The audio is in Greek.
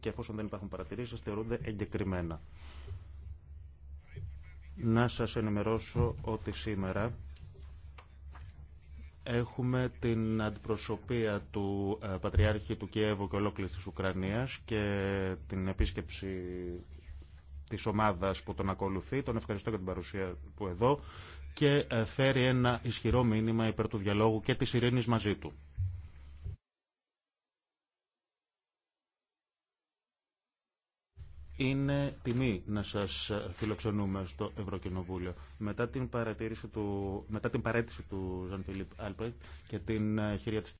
και εφόσον δεν υπάρχουν παρατηρήσεις θεωρούνται εγκεκριμένα. Να σας ενημερώσω ότι σήμερα έχουμε την αντιπροσωπεία του ε, Πατριάρχη του Κιέβου και ολόκληρης της Ουκρανίας και την επίσκεψη της ομάδας που τον ακολουθεί. Τον ευχαριστώ για την παρουσία του εδώ και ε, φέρει ένα ισχυρό μήνυμα υπέρ του διαλόγου και της ειρήνης μαζί του. Είναι τιμή να σας φιλοξενούμε στο Ευρωκοινοβούλιο. Μετά την, του, μετά την παρέτηση του Ζαν Φιλίπ Άλπερτ και την ε, χειρία